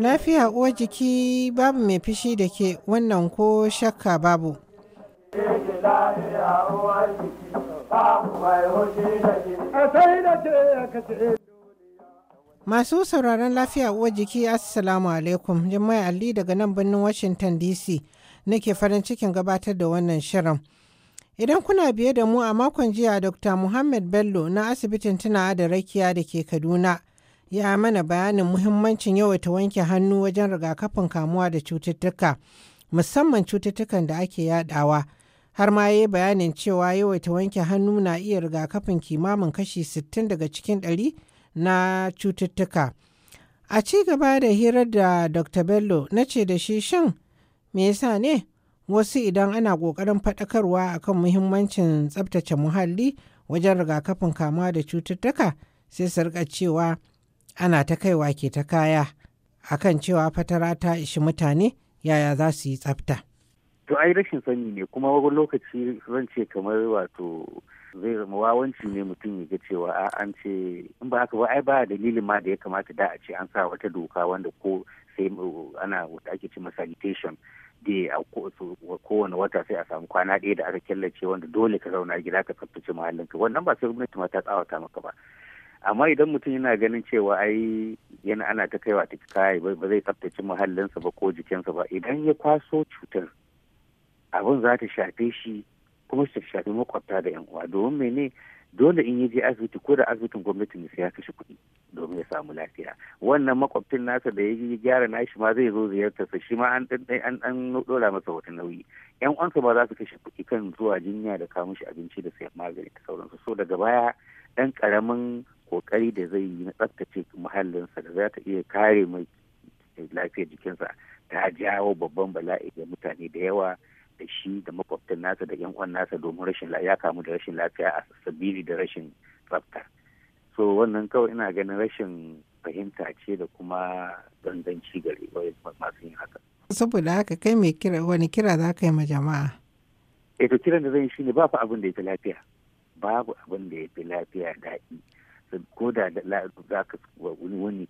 Lafiya uwar jiki babu mai fishi da ke wannan ko shakka babu. Masu sauraron lafiya uwar jiki Assalamu alaikum Jummai Ali daga nan birnin Washington DC nake farin cikin gabatar da wannan shirin. Idan kuna biye da mu a makon jiya Dr. Muhammad Bello na asibitin tuna da rakiya da ke Kaduna ya mana bayanin muhimmancin yawaita wanke hannu wajen rigakafin kamuwa da cututtuka musamman cututtukan da ake yadawa har ma yi bayanin cewa yawaita wanke hannu na iya rigakafin kimamin kashi 60 daga cikin 100 na cututtuka. A ci gaba da hirar da Dr. Bello na ce da shi shin me yasa ne wasu idan ana kokarin faɗakarwa akan muhimmancin tsabtace muhalli wajen rigakafin kamuwa da cututtuka sai su rika cewa ana ta kaiwa ke ta kaya akan cewa fatara ta ishi mutane yaya za su yi tsabta. To ai rashin sani ne kuma wani lokaci zan ce kamar wato zai zama wawanci ne mutum ya ga cewa an ce in ba haka ba ai ba dalilin ma da ya kamata da a ce an sa wata doka wanda ko sai ana wata ake ce sanitation day a kowane wata sai a samu kwana ɗaya da aka killace wanda dole ka zauna gida ka tsaftace muhallin ka wannan ba sai gwamnati ma ta tsawata maka ba amma idan mutum yana ganin cewa ai yana ana ta kaiwa ta kai ba zai tsaftace muhallinsa ba ko jikinsa ba idan ya kwaso cutar abin za ta shafe shi kuma su shafi makwabta da yan uwa domin mene dole in yi je asibiti ko da asibitin gwamnati ne sai ya kashe kuɗi domin ya samu lafiya wannan makwabcin nasa da ya gyara nashi ma zai zo ziyartarsa shi ma an an masa wata nauyi yan uwansa ba za su kashe kuɗi kan zuwa jinya da kawo mishi abinci da sayan magani da sauransu so daga baya ɗan karamin kokari da zai yi na tsaftace muhallinsa da za ta iya kare mai lafiyar jikinsa ta jawo babban bala'i ga mutane da yawa da shi da makwabtan nasa da yan uwan nasa domin rashin ya kamu da rashin lafiya a sabili da rashin tsafta so wannan kawai ina ganin rashin fahimta ce da kuma danganci gare masu yin haka saboda haka kai mai kira wani kira za ka yi ma jama'a eh to kiran da zan yi shine ba fa abin da ya fi lafiya babu abin da ya fi lafiya daɗi ko da za ka wani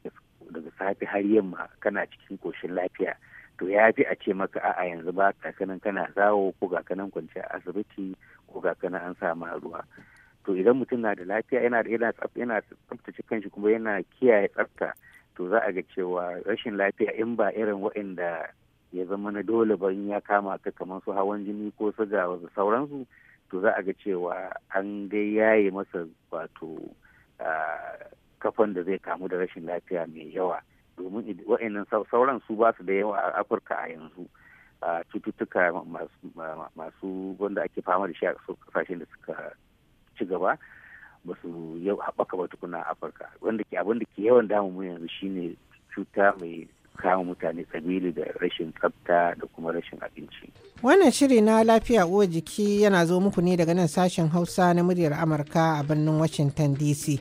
daga safe har yamma kana cikin koshin lafiya to ya fi a ce maka a'a yanzu ba kakanan kana zawo ko kakanan kwanci a asibiti ko kakanan an samu ruwa to idan mutum na da lafiya yana yana yana tsaftace kanshi kuma yana kiyaye tsafta to za a ga cewa rashin lafiya in ba irin waɗanda ya zama na dole ba ya kama ka kamar su hawan jini ko suga da sauransu to za a ga cewa an dai yaye masa wato ah, kafan da zai kamu da rashin lafiya mai yawa domin wa'annan sauran su ba su da yawa a afirka a yanzu a cututtuka masu wanda ake fama da shi a kasashen da suka ci gaba ba su haɓaka ba tukuna a afirka wanda ke abin da ke yawan damu mu yanzu shine cuta mai kama mutane sabili da rashin tsafta da kuma rashin abinci. Wannan shiri na lafiya uwa jiki yana zo muku ne daga nan sashen Hausa na muryar Amurka a birnin Washington DC.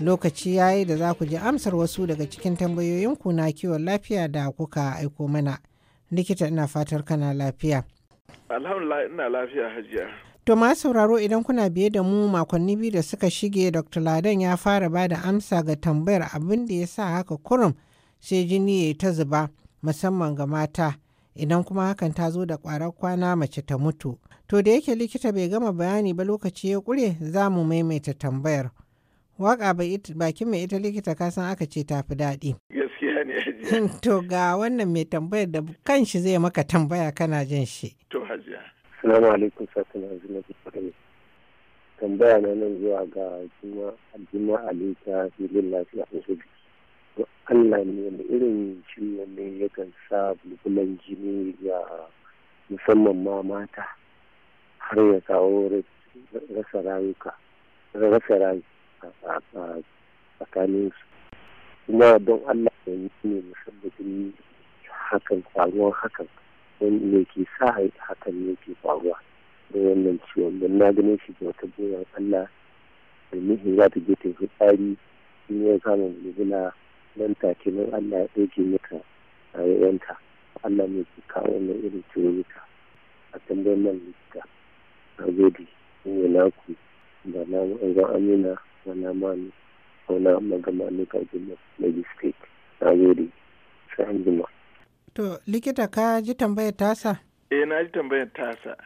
lokaci ya yi da za ku ji amsar wasu daga cikin tambayoyinku na kiwon lafiya da kuka aiko mana likita ina fatar kana lafiya alhamdulillah ina lafiya hajiya to ma sauraro idan kuna biye da mu makonni biyu da suka shige dr ladan ya fara ba da amsa ga tambayar abin da ya sa haka kurum sai jini ya ta zuba musamman ga mata idan kuma hakan ta zo da kwarar kwana mace ta mutu to da yake likita bai gama bayani ba lokaci ya kure za mu maimaita tambayar Waka bakin mai ita likita kasan aka ce tafi daɗi. Gaskiya To ga wannan mai tambayar da kan shi zai maka tambaya kana jin shi. To hajiya. Salamu alaikum sakin hazina Tambaya na nan zuwa ga Juma Ali ta filin lafiya a zubi. To Allah ne wani irin ciwo ne yakan sa bulbulan jini ga musamman ma mata har ya kawo rasa rayuka. Rasa rayuka. tsakanin su kuma don allah da yi ne musabbabin hakan faruwar hakan wanda ke sa hakan ne ke faruwa da wannan ciwon don na ganin shi da wata goyon allah da nufin za ta je ta yi tsari in ya samun gudula nan take nan allah ya ɗauke maka a allah ne ke kawo wannan irin ciwonita a tambayin nan likita a gode ne na ku da na amina Abdulrahman Maula Magama Luka Juma Lagos State. Na gode. Sai an jima. To likita ka ji tambayar tasa? Eh na ji tambayar tasa.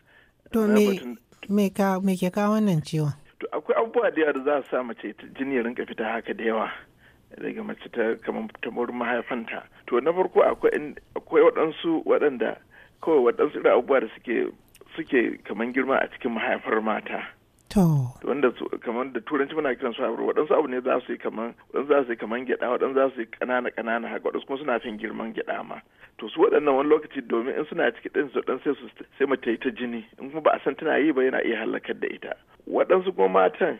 To me me ka me ke kawo wannan ciwon? To akwai abubuwa da yawa da za su sa mace jini ya rinka fita haka da yawa. daga mace ta kamar ta murin mahaifanta to na farko akwai waɗansu waɗanda kawai waɗansu irin abubuwa da suke suke kamar girma a cikin mahaifar mata To. Wanda kamar da turanci muna kiran su abu waɗansu abu ne za su yi kamar waɗansu za su yi kamar gyaɗa waɗansu za su yi ƙanana ƙanana haka waɗansu kuma suna fin girman gyaɗa ma. To su waɗannan wani lokaci domin in suna ciki ɗin su ɗan sai su sai mace ta jini in kuma ba a san tana yi ba yana iya halakar da ita. Waɗansu kuma matan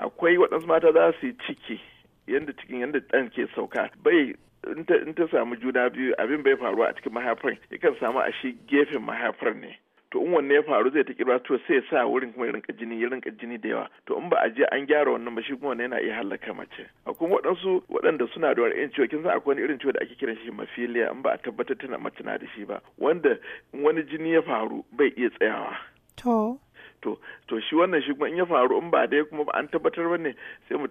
akwai waɗansu mata za su yi ciki yadda cikin yadda ɗan ke sauka bai in ta samu juna biyu abin bai faruwa a cikin mahaifar yakan samu a shi gefen mahaifar ne to in wanne ya faru zai ta kirba to sai sa wurin kuma ya rinka jini ya rinka jini da yawa to in ba a je an gyara wannan ba shi kuma wannan yana iya halaka mace a kuma waɗansu waɗanda suna da wani ciwo kin san akwai wani irin ciwo da ake kiran shi mafiliya in ba a tabbatar tana mace na da shi ba wanda in wani jini ya faru bai iya tsayawa to to to shi wannan shi kuma in ya faru in ba dai kuma an tabbatar ba ne sai mu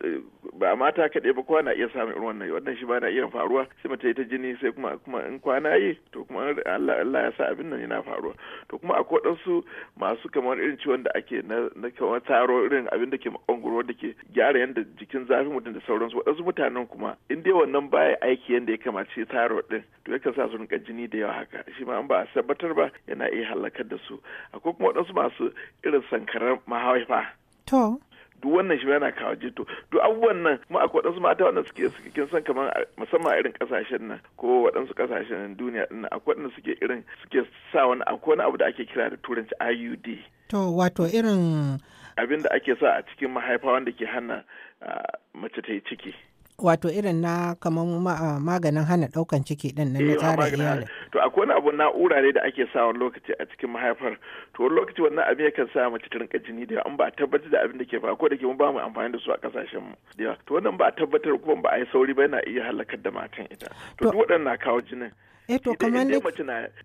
ba mata kaɗai ba kwana iya samun irin wannan wannan shi ba na iya faruwa sai mu ta ta jini sai kuma kuma in kwana yi to kuma Allah Allah ya sa abin nan yana faruwa to kuma akwai ɗansu masu kamar irin ciwon da ake na na kamar taro irin abin da ke makonguro da ke gyara yanda jikin zafin mutum da sauransu waɗansu mutanen kuma in dai wannan baya aiki yanda ya kamace taro din to yakan sa su rinka jini da yawa haka shi ma an ba a tabbatar ba yana iya halakar da su akwai kuma waɗansu masu irin sankarar mahaifa to duk wannan shi yana kawo jito duk abubuwan nan kuma akwai waɗansu mata wanda suke suke kin san kamar musamman irin kasashen nan ko waɗansu kasashen nan duniya din nan akwai waɗanda suke irin suke sa wani akwai wani abu da ake kira da turanci IUD to wato irin abin da ake sa a cikin mahaifa wanda ke hana ah, mace ta yi ciki wato irin na kamar maganin hana daukan ciki din na eh, tsara iyali to akwai wani abu na'ura ne da ake sa wani lokaci a cikin mahaifar to wani lokaci wannan abin kan sa mace ta rinka jini da an ba tabbatar da abin da ke faruwa ko da ke mun ba mu amfani da su a kasashen mu Da to wannan ba tabbatar kuma ba a yi sauri ba yana iya halakar da matan ita to duk waɗannan kawo jinin eh to kamar ne mace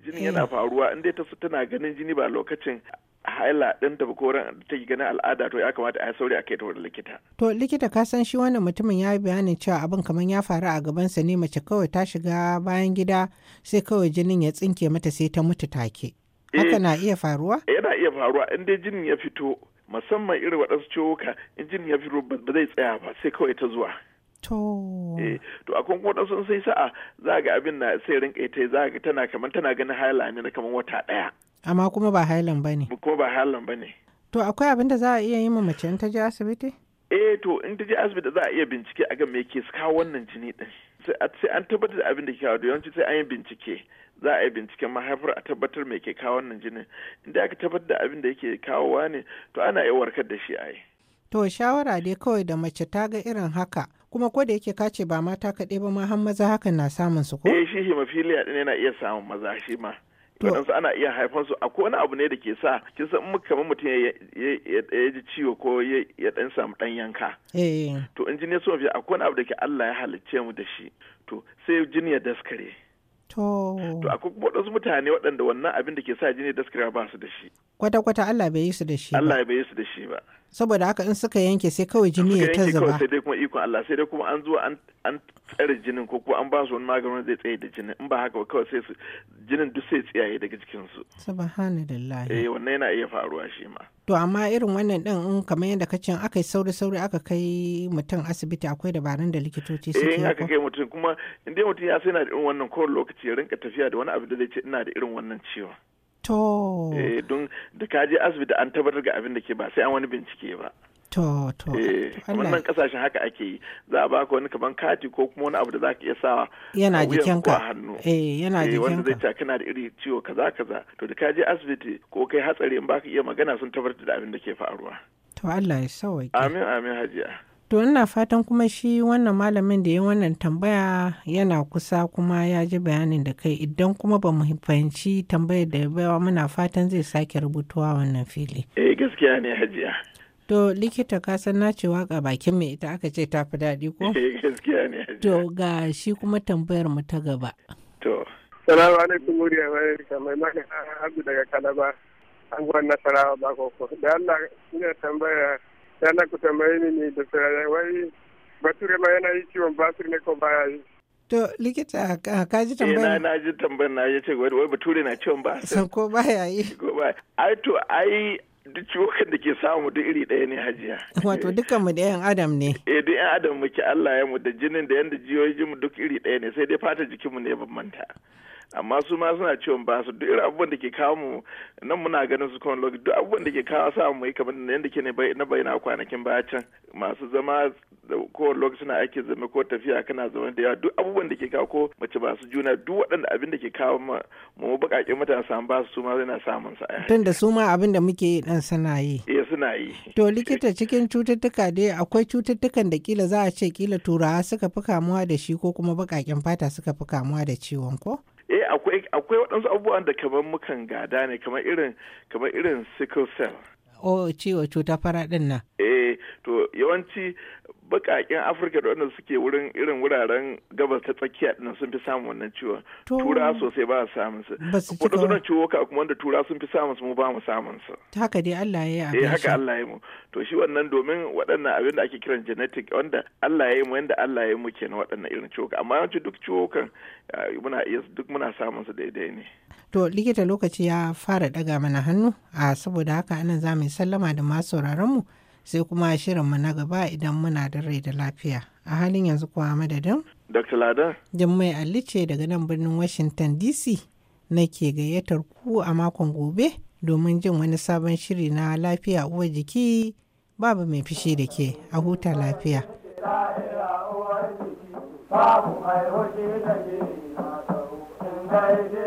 jinin eh. yana faruwa in dai ta tana ganin jini ba lokacin haila din ta ko ran ta yi ganin al'ada to ya kamata a yi sauri a kai ta wurin likita. To likita ka san shi wannan mutumin ya yi bayanin cewa abin kaman ya faru a gabansa ne mace kawai ta shiga bayan gida sai kawai jinin ya tsinke mata sai ta mutu take. Haka eh. na iya faruwa? Eh, yana iya faruwa in dai jinin ya fito musamman irin waɗansu ciwuka in jinin ya fito ba zai tsaya ba sai kawai ta zuwa. To. Eh, to a kuma sun sai sa'a za ga abin na sai rinka ita za ga tana kamar tana ganin hala ne na kamar wata ɗaya. amma kuma ba hailan ba ne ko ba hailan ba ne to akwai abin da za a iya yi ma mace in ta je asibiti eh to in ta je asibiti za a iya bincike a ga me ke kawo wannan jini din sai an tabbatar da abin da ke kawo yawanci sai an yi bincike za a yi binciken mahaifar a tabbatar me ke kawo wannan jinin inda aka tabbatar da abin da yake kawowa ne to ana iya warkar da shi a yi to shawara dai kawai da mace ta ga irin haka kuma ko da yake kace ba mata kaɗai ba ma har maza hakan na samun su ko eh shi hemophilia din yana iya samun maza shi ma waɗansu ana iya haifar su akwai wani abu ne da ke sa kin san muka kamar mutum ya ji ciwo ko ya dan samu dan yanka eh. to in jini so fiye akwai wani abu da ke Allah ya halicce mu da shi to sai jini ya daskare to akwai waɗansu mutane waɗanda wannan abin da ke sa jini daskare ba su da shi kwata-kwata Allah bai yi su da shi Allah bai yi su da shi ba saboda haka in suka yanke sai kawai jini ya ta zuba sai dai kuma ikon Allah sai dai kuma an zo an tsare jinin ko kuma an ba su wani maganin zai tsaye da jinin in ba haka ba kawai sai su jinin duk sai tsiyaye daga jikin su subhanallahi eh wannan yana iya faruwa shi ma to amma irin wannan din in kamar yadda ka ce aka yi sauri sauri aka kai mutum asibiti akwai dabarun da likitoci suke eh aka kai mutum kuma in mutum ya sai na da irin wannan kowane lokaci ya rinka tafiya da wani abu da zai ce ina da irin wannan ciwon To. Eh, don da ka je asibiti an tabbatar ga abin da ke ba sai an wani bincike ba. To, to. Eh, wannan kasashen haka ake yi. Za a baka wani kaman kati ko kuma wani abu da za ka iya sawa. Yana jikinka. hannu. Eh, yana jikinka. Eh, wanda zai ta kana da iri ciwo kaza kaza. To da ka je asibiti ko kai hatsari in baka iya magana sun tabbatar da abin da ke faruwa. To Allah ya sauwaƙe. Amin amin hajiya. To ina fatan kuma shi wannan malamin da ya wannan tambaya yana kusa kuma ya ji bayanin da kai idan kuma ba mu fahimci tambayar da ya bawa muna fatan zai sake rubutuwa wannan fili. Eh gaskiya ne hajiya. To likita ka san na ce waka bakin mai ita aka ce ta fi daɗi ko? Eh gaskiya ne hajiya. To ga shi kuma tambayar mu ta gaba. To. Salamu alaikum muriya mai magana abu daga Kalaba. Anguwar Nasarawa Bakoko. Da Allah ina tambaya yana ku tambayi ne da wai bature ma yana yi ciwon basir ne ko baya yi To likita ka ji tambayar? Eh na ji tambayar na ce wai bature na ciwon basir. San ko baya yi. Ko baya. Ai to ai duk ciwokan da ke samu duk iri ɗaya ne hajiya. Wato eh. dukkan mu da yan adam ne. Eh duk yan adam muke Allah ya mu da jinin da yanda jiyoyin mu duk iri ɗaya ne sai dai fata jikinmu ne manta. amma su ma suna cewa ba su duk abubuwan da ke kawo mu nan muna ganin su kawo lokaci duk abubuwan da ke kawo sa mu yi kamar da yadda ke na bayyana kwanakin baya can masu zama kowane lokaci na ake zama ko tafiya kana zama da yawa duk abubuwan da ke kawo ko mace ba su juna duk waɗanda abin da ke kawo mu mu baƙaƙen mutane samu ba su ma yana samun sa. Tun da su ma abin da muke yi dan suna yi. Eh suna yi. To likita cikin cututtuka dai akwai cututtukan da kila za a ce kila turawa suka fi kamuwa da shi ko kuma baƙaƙen fata suka fi kamuwa da ciwon ko? akwai akwai waɗansu abubuwan da kamar mukan gada ne kamar irin kamar sickle cell. Oh, ciwo cuta fara din nan. eh to yawanci bakaken afirka da wanda suke wurin irin wuraren gabas ta tsakiya dinnan sun fi samun wannan ciwon tura sosai ba samun su kuma suna ciwo ka kuma wanda tura sun fi samun su mu ba mu samun su haka dai Allah ya yi eh, haka Allah ya mu to shi wannan domin waɗannan abin da ake kiran genetic wanda Allah ya yi mu yanda Allah ya yi mu kenan waɗannan irin ciwo amma yawanci duk ciwo kan eh, muna iya duk muna samun su daidai ne to likita lokaci ya fara daga mana hannu a ah, saboda haka anan za mu sallama da masu sauraron mu sai kuma shirinmu na gaba idan muna da rai da lafiya. A halin yanzu kuwa madadin? Dr. Lada? Jummai mai ce daga nan birnin Washington DC na ke gayyatar ku a makon gobe domin jin wani sabon shiri na lafiya uwa jiki babu mai fishi da ke a huta lafiya. Babu da ke